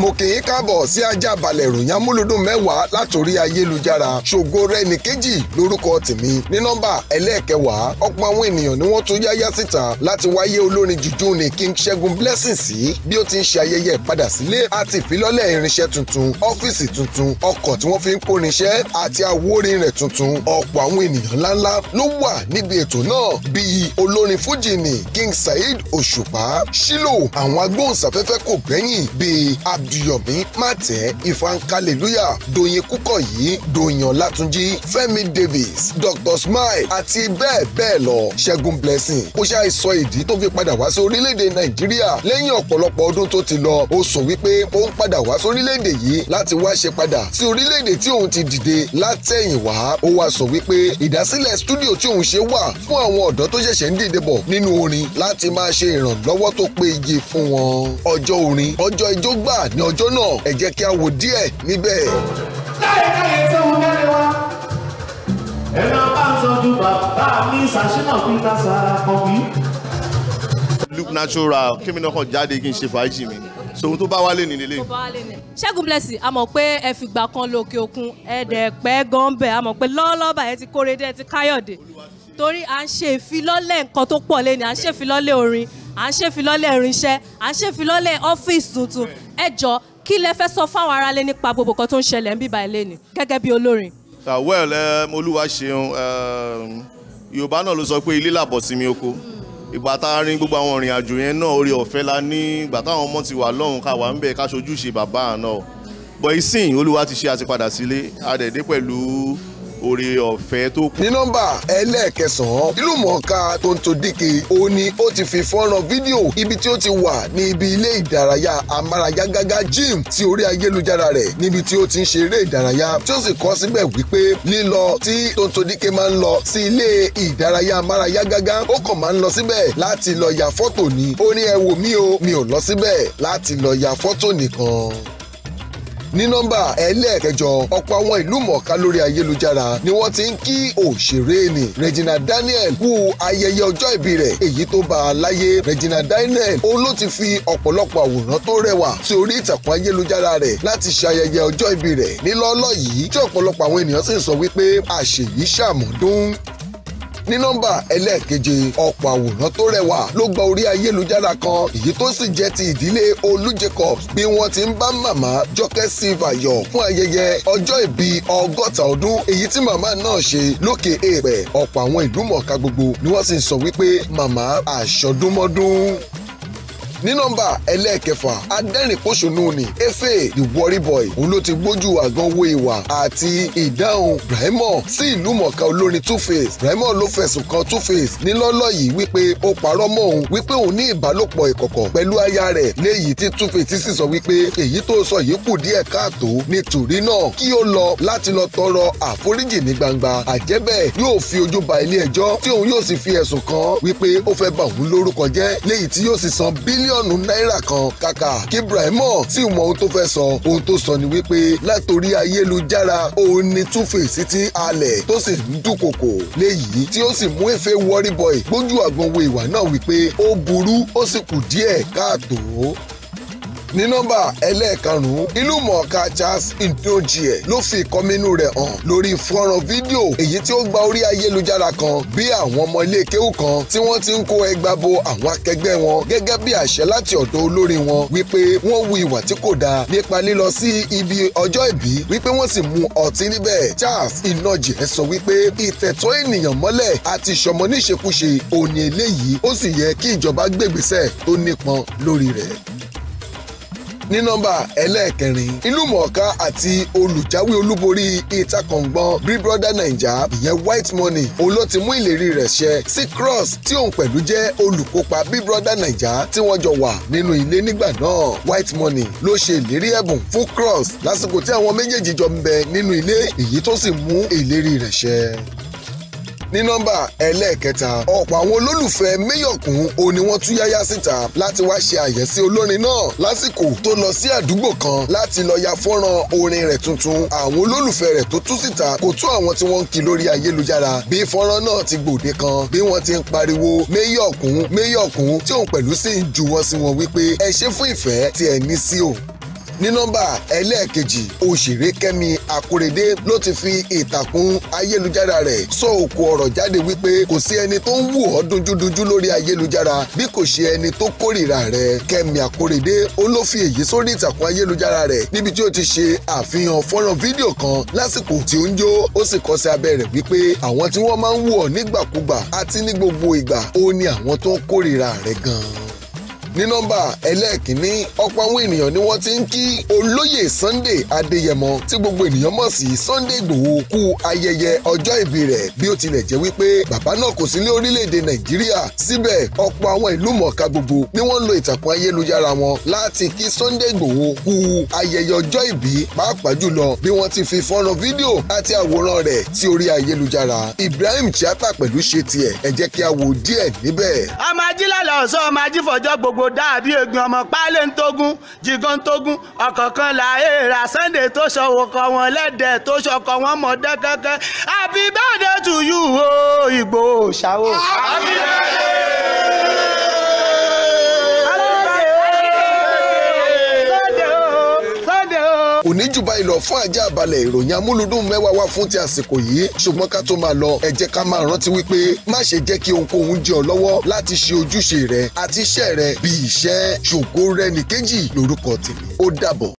mo kì í káàbọ̀ sí ajá balẹ̀ ìròyìn amúlùdùn mẹ́wàá látòrí ayélujára ṣògo rẹ̀ ní kejì lórúkọ tèmi ní nọ́mbà ẹlẹ́ẹ̀kẹwàá ọ̀pọ̀ àwọn ènìyàn ni wọ́n tún yáyá síta láti wáyé olórin jùjú ní King Ṣẹ́gun Blessing sí bí ó ti ń ṣe ayẹyẹ ìpadà sílé àti ìfilọ́lẹ̀ irinṣẹ́ tuntun ọ́fíìsì tuntun ọkọ̀ tí wọ́n fi ń kórinṣẹ́ àti àwòrin rẹ̀ tuntun ọ̀pọ̀ àwọn ènìyàn ńláńlá ló wà níbi ètò náà bíi olórin fújì ní King Saheed Òṣùpá Ṣílò àwọn agbóhùnsáfẹ́fẹ́ kò gbẹ́yìn bíi ab dùyọ̀mí màtẹ́ ìfankalẹ̀lúyà dòyìn kúkọ̀yí dòyìn ọlátúnjí fẹ́mi davis dr smile àti bẹ́ẹ̀ bẹ́ẹ̀ lọ ṣẹ́gun blessing kò ṣàì sọ ìdí tó fi padà wá sí orílẹ̀-èdè nàìjíríà lẹ́yìn ọ̀pọ̀lọpọ̀ ọdún tó ti lọ ó sọ wípé ó ń padà wá sórílẹ̀-èdè yìí láti wá ṣe padà sí orílẹ̀-èdè tí òun ti dìde látẹ̀yìnwá ó wá sọ wípé ìdásílẹ̀ stúdíò tí òun ṣe wà fún àwọn ọ̀dọ́ tó ṣẹ̀ṣẹ̀ ń dìde bọ̀ nínú orin láti máa ṣe ìrànlọ́wọ́ tó péye fún wọn ọjọ́ orin ní ọjọ́ náà ẹ jẹ́ kí a wò díẹ̀ níbẹ̀. láyé káyé tó ń bẹ́rẹ̀ wá ẹ máa bá ń sọ ju bàbá mi ṣàṣìnà Peter Sarkozy. look natural kí mi náà kàn jáde kí n ṣe fàájì mi sohun tó bá wálé ní lélẹ̀. ṣẹ́gun blessing a mọ̀ pé ẹ fìgbà kan lòkè òkun ẹ̀ẹ́dẹ̀ pẹ́ gọ́ńbẹ̀ a mọ̀ pé lọ́ọ́lọ́ba ẹ ti kórede ẹ ti káyọ̀dé torí à ń ṣe ìfilọ́lẹ̀ nǹkan tó pọ̀ lé ní à ń ṣe ìfilọ́lẹ̀ orin à ń ṣe ìfilọ́lẹ̀ irinṣẹ́ à ń ṣe ìfilọ́lẹ̀ ọ́fíìsì tuntun ẹ jọ kí lẹ fẹ́ sọ fáwọn aráalé nípa gbogbo kan tó ń ṣẹlẹ̀ ń bíbá ilé ni gẹ́gẹ́ bí olórin. Ah, well olúwa ṣeun ehm, yorùbá náà ló sọ pé ilé làbọ̀ sí mi oko ìgbà tá a rin gbogbo àwọn ìrìn àjò yẹn náà orí ọ̀fẹ́ la ní ìgbà táwọn ọmọ ti wà lọ́hùn ká wà ń bẹ̀ ká ṣojúṣe bàbá náà but ìsìn olúwa ti ṣe àtipadà sílé adẹ̀dẹ́ pẹ̀lú oore ọ̀fẹ́ tó kù. ní nọ́mbà ẹlẹ́ẹ̀kẹsàn-án ìlúmọ̀ọ́ká Tonto Dike ó ní ó ti fi fọ́nrán fídíò ibi tí ó ti wà ní ibi ilé ìdárayá amárayágágá gym tí orí ayélujára rẹ̀ níbi tí ó ti ń ṣe eré ìdárayá tí ó sì kọ́ síbẹ̀ wípé lílọ tí Tonto Dike máa ń lọ sí ilé ìdárayá amárayágágá ó kàn máa ń lọ síbẹ̀ láti lọ ya fọ́tò ni ó ní ẹ wò mí o mi ò lọ síbẹ̀ láti lọ ya fọ́tò nìkan ní nọ́mbà ẹlẹ́ẹ̀kẹjọ ọ̀pọ̀ àwọn ìlú mọ̀ọ́ká lórí ayélujára ni wọ́n ti ń kí òṣèré ni Regina Daniel kú ayẹyẹ ọjọ́ ìbí rẹ̀ èyí tó bá a láyé Regina Daniel òun ló ti fi ọ̀pọ̀lọpọ̀ àwòrán tó rẹwà sí orí ìtàkùn ayélujára rẹ̀ láti ṣayẹyẹ ọjọ́ ìbí rẹ̀ nílọ́ọ́lọ́ yìí tí ọ̀pọ̀lọpọ̀ àwọn ènìyàn sì sọ wípé àṣèyí ṣàmọ́dún ní nọ́mbà ẹlẹ́ẹ̀keje ọ̀pọ̀ àwòrán tó rẹwà ló gba orí ayélujára kan èyí tó sì jẹ́ ti ìdílé Olú Jacobs bí wọ́n ti ń bá màmá Jọkẹ́ Silva yọ̀ fún ayẹyẹ ọjọ́ ìbí ọgọ́ta ọdún èyí tí màmá náà ṣe lókè èèpẹ̀ ọ̀pọ̀ àwọn ìlú mọ̀ọ́ká gbogbo ni wọ́n sì ń sọ wípé màmá àṣọdúnmọ́dún ní nọ́mbà ẹlẹ́ẹ̀kẹfà adẹ́rìnpòṣónú ni efe the worry boy òun ló ti gbójú àgbọn wo ìwà àti ìdáhùn brahimo sí ìlú mọ̀ọ́ká olórin two face brahimo ló fẹ̀sùn kan two face nílọ́lọ́ yìí wípé ó parọ́ mọ́ òun wípé òun ní ìbálòpọ̀ ìkọ̀kọ̀ pẹ̀lú aya rẹ̀ léyìí tí two face sì sọ wípé èyí tó sọ yìí kù díẹ̀ káàtó nítorí náà kí ó lọ láti lọ tọrọ àforíjì ní gbangba àjẹ́bẹ̀ yóò fi ojú ba ilé ẹjọ́ tí òun yóò sì fi ẹ̀sùn kan wípé ó fẹ́ bà òun lórúkọ jẹ́ léyìí tí yóò sì san bílíọ̀ mílíọ̀nù náírà kan kàkà kí Ibrahimo sì mọ ohun tó fẹ́ sọ ohun tó sọ ni wípé látòrí ayélujára òun ni túfèsì ti alẹ̀ tó sì ń dúnkòkò léyìí tí ó sì mú efe Worryboy gbójú àgbọ̀nwó ìwà náà wípé ó burú ó sì kù díẹ̀ káàtó ní nọ́mbà ẹlẹ́ẹ̀karùn-ún ìlú mọ̀ọ́ká Charles Ntogie ló fi ìkọminú rẹ̀ hàn lórí fọ́nrán fídíò èyí tí ó gba orí ayélujára kan bí àwọn ọmọ ilé kéwù kan tí wọ́n ti ń kó ẹgbà bo àwọn akẹgbẹ́ wọn gẹ́gẹ́ bí àṣẹ láti ọ̀dọ̀ olórí wọn wípé wọ́n wu ìwà tí kò dáa nípa lílọ sí ibi ọjọ́ ìbí wípé wọ́n sì mu ọtí níbẹ̀ Charles Ntogie sọ wípé ìtẹ̀tọ́ ènìyàn mọ́lẹ̀ àti ìṣọmọ níṣekúṣe òní eléyìí ó sì yẹ kí ìjọba gbègbèsẹ̀ tó nípọn lórí rẹ̀ ní nọ́mbà ẹlẹ́ẹ̀kẹrin ìlúmọ̀ọ́ká àti olùjáwé olúborí ìtakọ̀ngbọ̀n Big Brother Naija ìyẹn White Money òun ló ti mú ìlérí rẹ̀ ṣẹ sí Cross tí òun pẹ̀lú jẹ́ olùkópa Big Brother Naija tí wọ́n jọ wà nínú ilé nígbà náà White Money ló ṣe ìlérí ẹ̀bùn fún Cross lásìkò tí àwọn méjèèjì jọ ń bẹ nínú ilé èyí tó sì mú ìlérí rẹ̀ ṣẹ ní nọ́mbà ẹlẹ́ẹ̀kẹta ọ̀pọ̀ àwọn olólùfẹ́ méyọ̀kún ò ní wọ́n tú yáyá síta láti wá ṣe àyẹ́sí olórin náà lásìkò tó lọ sí àdúgbò kan láti lọ ya fọ́nrán orin rẹ̀ tuntun àwọn olólùfẹ́ rẹ̀ tó tú síta kò tú àwọn tí wọ́n ń kí lórí ayélujára bí fọ́nrán náà ti gbòde kan bí wọ́n ti ń pariwo méyọ̀kún méyọ̀kún tí òun pẹ̀lú sì ń juwọ́ sí wọn wípé ẹ ṣe fún ìfẹ́ tí ẹ ní sí òun ní nọ́mbà ẹlẹ́ẹ̀kejì òṣèré kẹ́mi àkórèdé ló ti fi ìtàkùn ayélujára rẹ̀ sọ òkú ọ̀rọ̀ jáde wípé kò sí ẹni tó ń wù ọ́ dojúdojú lórí ayélujára bí kò ṣe ẹni tó kórìíra rẹ̀ kẹ́mi àkórèdé ó ló fi èyí sórí ìtàkùn ayélujára rẹ̀ níbi tí ó ti ṣe àfihàn fọ́nrán fídíò kan lásìkò tí ó ń jó ó sì kọ sí abẹ́ rẹ̀ wípé àwọn tí wọ́n máa ń wù ọ́ nígbàkúgbà àti ní gbogbo ìgbà ó ní àwọn tó ń kórìíra rẹ̀ gan-an ní nọ́mbà ẹlẹ́ẹ̀kínní ọ̀pọ̀ àwọn ènìyàn ni wọ́n ti ń kí olóyè Sunday Adéyẹmọ tí gbogbo ènìyàn mọ̀ sí Sunday Ìgbòho kú ayẹyẹ ọjọ́ ìbí rẹ̀ bí ó tilẹ̀ jẹ́ wípé bàbá náà kò sí ní orílẹ̀-èdè Nàìjíríà síbẹ̀ ọ̀pọ̀ àwọn ìlú mọ̀ọ́ká gbogbo ni wọ́n ń lo ìtàkùn ayélujára wọn láti kí Sunday Ìgbòho kú ayẹyẹ ọjọ́ ìbí pàápàá jùlọ bí wọ́n ti fi fọ́nrán fídíò àti àwòrán Ibrahim Chiata pẹ̀lú ṣe tiẹ̀ ẹ jẹ́ kí a wò díẹ̀ níbẹ̀. ọmọ gbogbo dáàbí egbin ọmọ pálẹ̀ ń tógún jìgàn tógún ọ̀kọ̀ọ̀kan láàyè rà Sunday tó ṣọwọ́kọ wọn lẹ́dẹ̀ tó ṣọkọ wọn mọ̀ọ́dẹ́ kẹ́kẹ́ happy birthday to you o oh, Ìgbòho ṣàwọ̀. òní jù báyìí lọ fún ajá balẹ̀ ìròyìn amúlùdùn mẹ́wàá wá fún ti àsìkò yìí ṣùgbọ́n ká tó máa lọ ẹ jẹ́ ká máa rántí wípé má ṣe jẹ́ kí ohunkóhun jẹ ọ́ lọ́wọ́ láti ṣe ojúṣe rẹ àti iṣẹ́ rẹ bí iṣẹ́ ṣògo rẹ nìkejì lórúkọ tèmi ó dàbọ̀.